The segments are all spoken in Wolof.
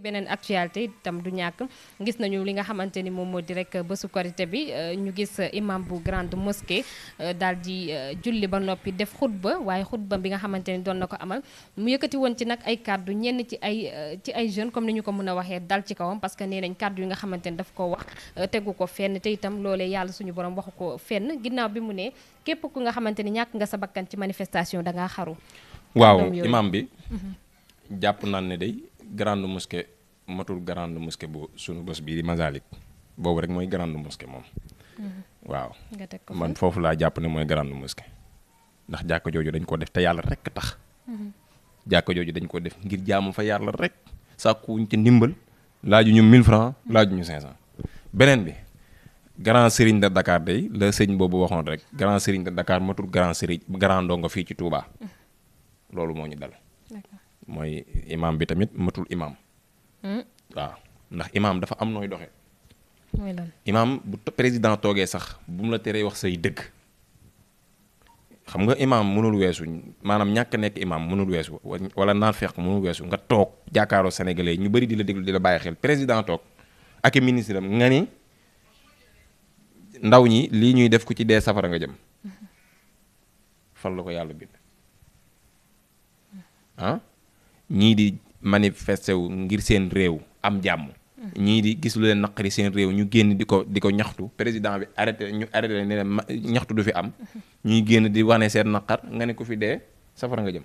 ci beneen actualité itam du ñàkk ngis nañu li nga xamante ni moom moo di rek bésu korité bi euh, ñu gis euh, imam bu grande mosquée euh, daal di julli ba noppi def xutba waaye xutba bi nga xamante ni doon na ko amal mu yëkkati woon ci nag ay kàddu ñenn ci ay ci ay jeunes comme ni ñu ko mën a waxee dal ci kawam parce que nee nañ kàddu yi nga xamante ni daf ko wax tegu ko fenn te itam loole yàlla suñu borom waxu ko fenn ginnaaw bi mu ne képp ku nga xamante ni ñàkk nga sa bakkan ci manifestation da ngaa xaru bi mhm. jàpp naan ne day grande mosquée matul grande mosquée bu sunu bés bii di Masalik boobu rek mooy grande mosquée moom. Mm-hmm. waaw man foofu laa jàpp ne mooy grande mosquée ndax jàkka jooju dañ ko def te yàlla rek tax. Mm-hmm. jàkka jooju dañ ko def ngir jaamu fa yàlla rek sàkkuwuñ ci ndimbal laaju ñu 1000 francs laaju ñu 500 beneen bi. grand sëriñ de Dakar day la sëñ boobu waxoon rek grand sëriñ de Dakar matul grand sëriñ grand nga fii ci Touba mm-hmm. loolu moo ñu dal. mooy imaam bi tamit matul imaam. Hmm. waaw ndax imaam dafa am nooy doxe imaam bu président toogee sax bu mu la teree wax say dëgg. xam nga imaam mënul weesu maanaam ñàkk nekk imaam mënul weesu wala naan feeq mënul weesu nga toog jàkkaaroo sénégalais ñu bëri di la déglu di la bàyyi xel président toog ak i ministre am nga ni ndaw ñi lii ñuy def ku ci dee safara nga jëm hmm. fan la ko yàlla bind hmm. ah? ñii di manifester wu ngir seen réew am jàmm. ñii di gis lu leen naqari seen réew ñu génn di ko di ko ñaxtu président bi arrêté ñu arrêté leen ne ma ñaxtu du fi am. ñuy génn di wane seen naqar nga ne ko fi dee safara nga jëm.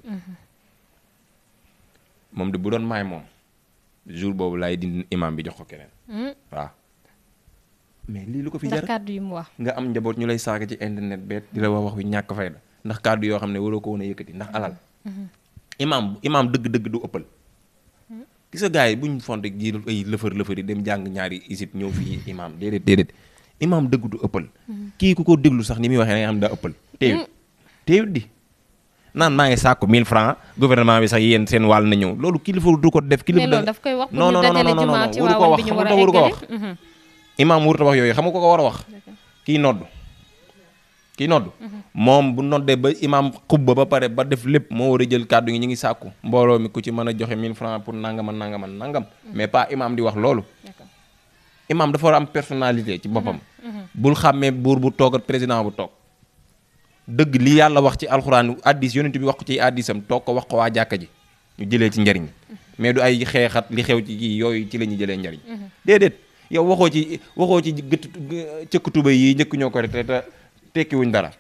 moom de bu doon maay moom jour boobu laay dindi imam bi jox ko keneen. waaw. mais lii lu ko fi jar ndax kàddu yi mu wax. nga am njaboot ñu lay saaga ci internet beet di la wax wax yu ñàkk fayda ndax kàddu yoo xam ne waroo ko woon yëkkati ndax alal. imaam imaam dëgg-dëgg du ëppal. gis nga gars yi bu ñu fonte ji ay lëfër lëfër dem jàng ñaari isib ñëw fii imaam déedéet déedéet imaam dëgg du ëppal. kii ku ko déglu sax ni muy waxee nga xam daa ëppal. teewit teewit di naan maa ngi sàkku 1000 francs gouvernement bi sax yéen seen wàll na ñëw loolu kilifa du ko def. kii loolu daf koy wax non non non non waru ko wax ko wax. imaam warut a wax yooyu xam ko ko war a wax. kii nodd kii nodd moom bu noddee ba imam xubba ba pare ba def lépp moo war a jël kàddu gi ñu ngi sàkku mbooloo mi ku ci mën a joxe 1000 francs pour nangama nangama nangam mais pas imam di wax loolu imam dafa war a am personnalité ci boppam mm-hmm. Mm-hmm. bul xàmmee buur bu toog ak président bu toog dëgg li yàlla wax ci alxuraan addis yonent bi wax ko ci addisam toog ko wax ko waa jàkka ji ñu jëlee ci njariñ mm-hmm. mais du ay xeexat li xew ci kii yooyu ci la ñuy jëlee njariñ déedéet yow waxoo ci waxoo ci tekkiwuñ dara.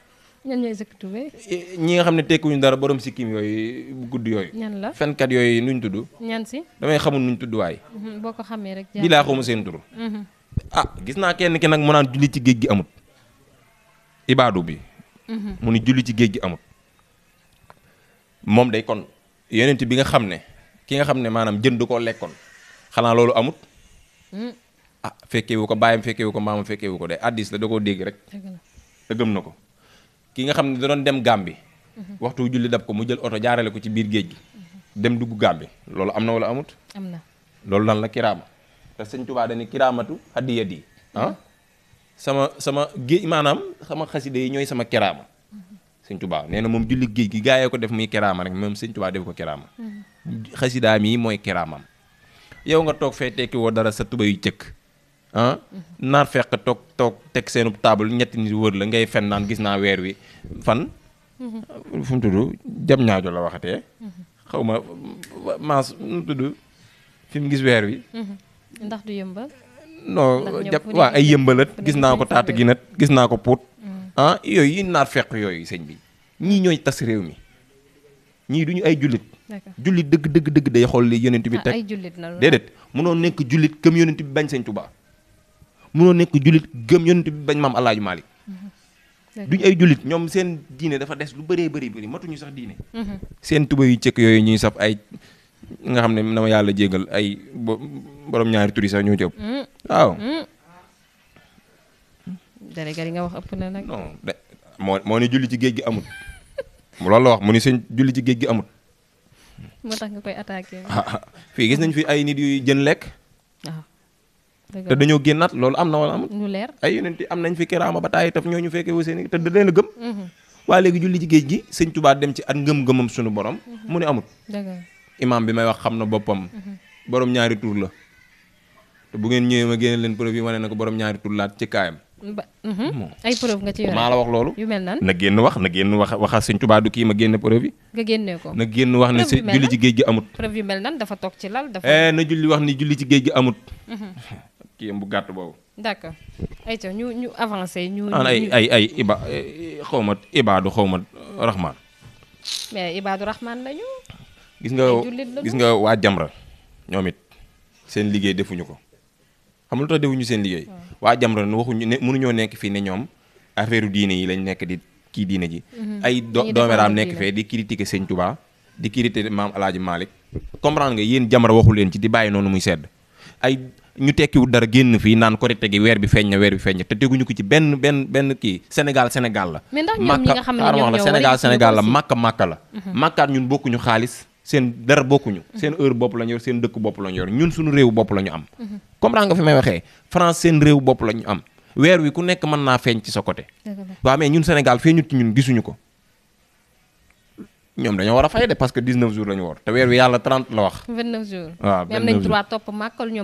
ñan ñooy sëkk tubéy. Eh, ñi nga xam ne tekkiwuñ dara borom sikkim yooyu gudd yooyu. ñan la fenkat yooyu nuñ tudd. ñan si damay xamul nuñ tudd waay. Mhm, boo ko xamee rek bi laa xamu seen tur. Mhm. ah gis naa kenn ki nag mu naan julli ci géej gi amut. ibaadu bi. Mhm. mu ni julli ci géej gi amut. moom day kon yonent bi nga xam ne ki nga xam ne maanaam jën du ko lekkoon xanaa loolu amut. Mm. ah fekkee wu ko baayam fekkee wu ko maamam fekkee ko de addis la da koo dégg rek. te na ko ki nga xam ne da doon dem bi mhm. waxtu julli dab ko mu jël oto jaarale ko ci biir géej gi mhm. dem dugg Gàmbi loolu am na wala amut am na loolu lan la kiraama te sëñ Tuubaa dañu kiraamatu hadiya di ah mhm. sama sama géej maanaam sama xaside yi ñooy sama kiraama sëñ Tuubaa nee na moom julli géej gi gaayee ko def muy kiraama rek moom sëñ Tuubaa def ko kiraama xasidaam yi mooy kiraamam yow nga toog fee tekki woo dara sa tuba yu cëkk ah naar fekk toog toog teg seenu table ñetti nit wër la ngay fen naan gis naa weer wi fan. fu mu tudd jam ñaajo la waxatee. xaw ma maas mu tudd fi gis weer wi. ndax du yëmbal. non jàpp waa ay yëmbalat gis naa ko taata gi nat gis naa ko puut. Mm. ah yooyu yi naar fekk yooyu sëñ bi ñii ñooy tas réew mi ñii duñu ay jullit. jullit dëgg dëgg dëgg day xool li yonent bi ah, teg déedéet mënoo nekk jullit comme yonent bi bañ sëñ Tuubaa mënoo nekk jullit gëm yonent bi bañ maam Alaaji Maalik duñ ay jullit ñoom seen diine dafa des lu bëree bëri bëri matuñu sax diine mhm. seen tuba yu cëkk yooyu ñuy saf ay nga xam ne na ma yàlla jégal ay borom ñaari turi sax ñoo ci mm. waaw mm. nga wax ëpp moo ni julli ci géej gi amul loolu la wax mu ni seen julli ci géej gi amul moo tax nga koy attaqué fii gis nañ fi ay nit yuy jën lekk ah. te dañoo génnaat loolu am na wala amul. ñu leer ay yonent am nañ fi kiraama ba taay taf ñoo ñu fekkee wu seen te da leen a gëm. Mhm. waaye léegi julli ci géej gi sëñ Tuubaa dem ci at ngëm-ngëmam sunu borom. Mhm. mu ne amut imaam bi may wax xam na boppam. Mhm. borom ñaari tur la. te bu ngeen ñëwee ma génne leen preuve yi wane na ko borom ñaari tur laat ci kaayam. ay preuve nga maa la wax loolu. yu mel nan na génn wax na génn wax waxa sëñ Tuubaa du kii ma génne preuve yi. nga génne ko na génn wax ne si ci géej gi amut. preuve yu nan dafa toog ci lal dafa. Eh, na julli wax ni julli ci géej gi amut. kii bu gàtt boobu. d'accord ayca ñu ñu avancé ñu. ay ay ay Iba xaw ma Ibaadu xaw ma Rahman. mais Ibaadu Rahman lañu. gis nga gis nga waa Jamra ñoom it seen liggéey defuñu ko xam lu tax defuñu seen liggéey. waa Jamra waxuñu ne mënuñoo nekk fii ne ñoom affaire diine yi lañ nekk di kii diine ji. Mhm. ay doomeraam nekk fee di critiquer Sëñ Touba di critiquer maam El Hadj Malick comprendre nga yéen Jamra waxu leen ci di bàyyi noonu muy sedd ñu tekkiwul dara génn fii naan korite gi weer bi feeñ na weer bi feeñ na te teguñu ko ci benn benn benn kii Sénégal Sénégal la. mais ndax ñoom ñi nga xam ne ñoom ñoo Sénégal Sénégal la makka makka la. Mhm. makkaat ñun bokkuñu xaalis seen dara bokkuñu. Mhm. seen heure bopp la ñu yor seen dëkk bopp la ñu yor ñun suñu réew bopp la ñu am. Mhm. comprendre nga fi may waxee France seen réew bopp la ñu am weer wi ku nekk mën naa feeñ ci sa coté waaw mais ñun Sénégal feeñut ci ñun gisuñu ko ñoom dañoo war a fay de parce que 19 jours la ñu woor te weer wi yàlla 30 la wax. 29 jours waaw 29 jours am nañ droit topp màkk ñu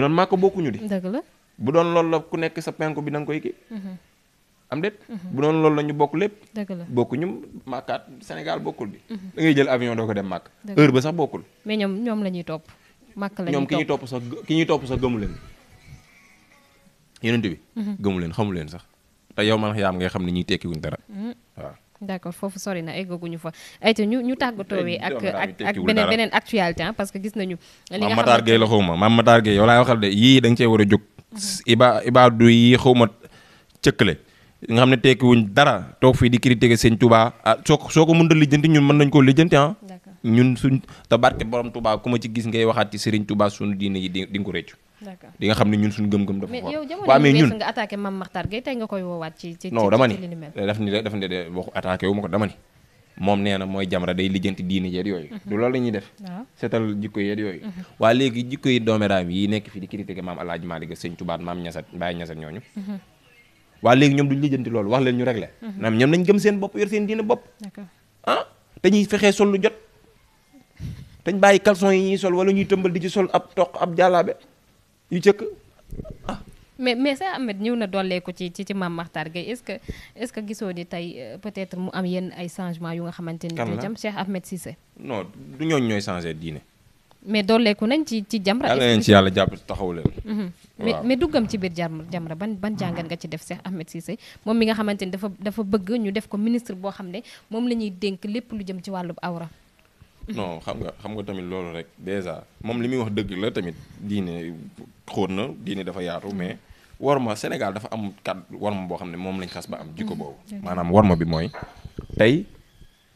doon di. dëgg la bu doon loolu la ku nekk sa penku bi da nga mm-hmm. am déet. Mm-hmm. bu doon loolu la ñu bokk lépp. dëgg la bokkuñu màkkaat Sénégal bokkul bi. Mm-hmm. da ngay jël avion doo ko dem màkk. heure ba sax bokkul. mais ñoom ñoom la ñuy topp. màkk la ñuy topp ñoom ki ñuy topp sax ki ñuy topp sax gëmu leen. yeneen bi. gëmu leen sax te yow man xiyaam ngay xam ne ñuy tekkiwuñ dara mm. waaw foofu sori na eggaguñu fa ñu ñu tàggatoo wi ak ak ak beneen actualité ah, parce que gis nañu li nga xam Matar Gueye la xaw ma maam Matar Gueye yow laay waxal de yii da nga cee war a jóg mhm. iba ibaadu yi xaw ma le nga xam ne tekkiwuñ dara toog fii di critiquer seen Touba ah soo ko soo ko mënta lijjanti ñun mën nañ koo lijjanti ah ñun suñ te barke borom Touba ku ma ci gis ngay waxaat ci Serigne tubaa suñu diine yi di nga ko réccu di nga xam ne ñun suñu gëm-gëm dafa fort waaw mais ñun nga attaqué Mame Makhtar Gueye tey nga koy woowaat ci ci non dama ni daf ni daf ni de waxu attaqué wu ma ko dama ni moom nee na mooy Jamra day lijjanti diini jeet yooyu mhm. du loolu la ñuy def seetal jikko yeet yooyu mhm. waa léegi jikko yi dooméraam yi nekk fi di critiqué maam Alaaji Maalik Sëñ Tuubaa maam ñasat Baay ñasat ñooñu mhm. waa léegi ñoom duñ lijjanti loolu wax leen ñu réglé naam ñoom nañ gëm seen bopp yor seen diine bopp ah dañuy fexee sol lu jot dañ bàyyi caleçon yi ñuy sol wala ñuy tëmbal di ci sol ab toq ab jàllaabe yu jëkk ah. mais mais Cheikh Ahmed ñëw na dolleeku ci ci ci Mame Makhtar Gueye est-ce que est-ce que gisoo ni tey euh, peut-être mu am yenn ay changement xamante ni. kan la jam Cheikh Ahmed Cissé. non du ñooñu ñooy changé mais dolleeku nañ ci ci Jamra. est-ce que yàlla jàpp taxaw leen. Mhm. mais mais duggam ci biir Jamra ban ban jàngat nga ci def Cheikh Ahmed Cissé moom mi nga xamante ni dafa dafa bëgg ñu def ko ministre boo xam ne moom la ñuy dénk lépp lu jëm ci wàllu awra. non xam nga xam nga tamit loolu rek déjà moom li muy wax dëgg la tamit diine. xóot na diine dafa yaatu mais war ma Sénégal dafa am kàdd war ma boo xam ne moom lañ xas ba am jikko mm-hmm. boobu maanaam war ma bi mooy tey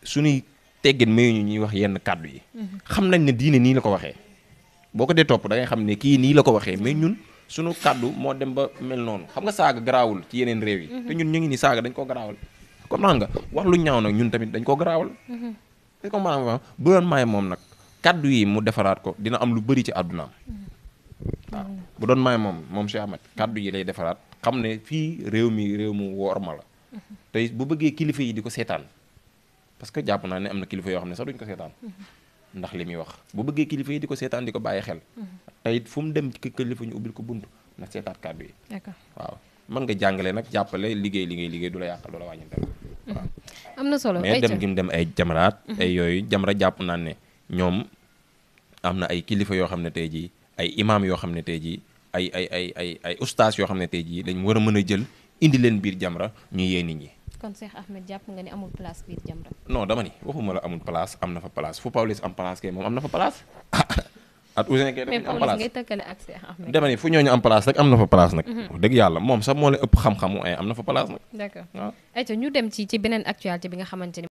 suñuy teggin mayuñu ñuy wax yenn kàddu yi mm-hmm. xam nañ ne diine nii la ko waxee boo ko dee topp da xam ne kii nii la ko waxee mais ñun suñu kàddu moo dem ba mel noonu xam nga saaga garaawul ci yeneen réew yi mm-hmm. ñun ñu ngi ni saaga dañ ko garaawal comme naa nga lu ñaaw nag ñun tamit dañ ko garaawal te comme maanaam bu doon maay moom nag kàddu yi mu defaraat ko dina am lu bari ci àddunaam waaw ah, bu doon may moom moom Cheikh Ahmed kàddu yi lay defaraat xam ne fii réew mi réew mu woor ma la tey bu bëggee kilifa yi di ko seetaan parce que jàpp naa ne am na kilifa yoo xam ne sax duñ ko seetaan ndax li muy wax bu bëggee kilifa yi di ko seetaan di ko bàyyi xel tey it fu mu dem ci kilifa ñu ubbil ko bunt na seetaat kàddu waaw mën nga jàngale nag jàppale liggéey li liggéey du la yàqal du la wàññi am na solo mais dem mu dem ay jamraat ay yooyu jàpp naa ne ñoom am na ay kilifa yoo xam ne tey jii ay imaam yoo xam ne tey jii ay ay ay ay ay ustaas yoo xam ne tey jii dañ war a mën a jël indi leen biir Jamra ñu yee nit ñi. kon Cheikh Ahmed jàpp nga ne amul place biir Jamra. non dama ni waxuma amul place at Ouzin Keita am place ak Cheikh Ahmed. dama ni fu ñooñu am place rek am na fa place nag. Mhm. wax yàlla moom sax moo lay ëpp xam-xamu am na fa place nag. ñu dem ci ci beneen actualité bi nga xamante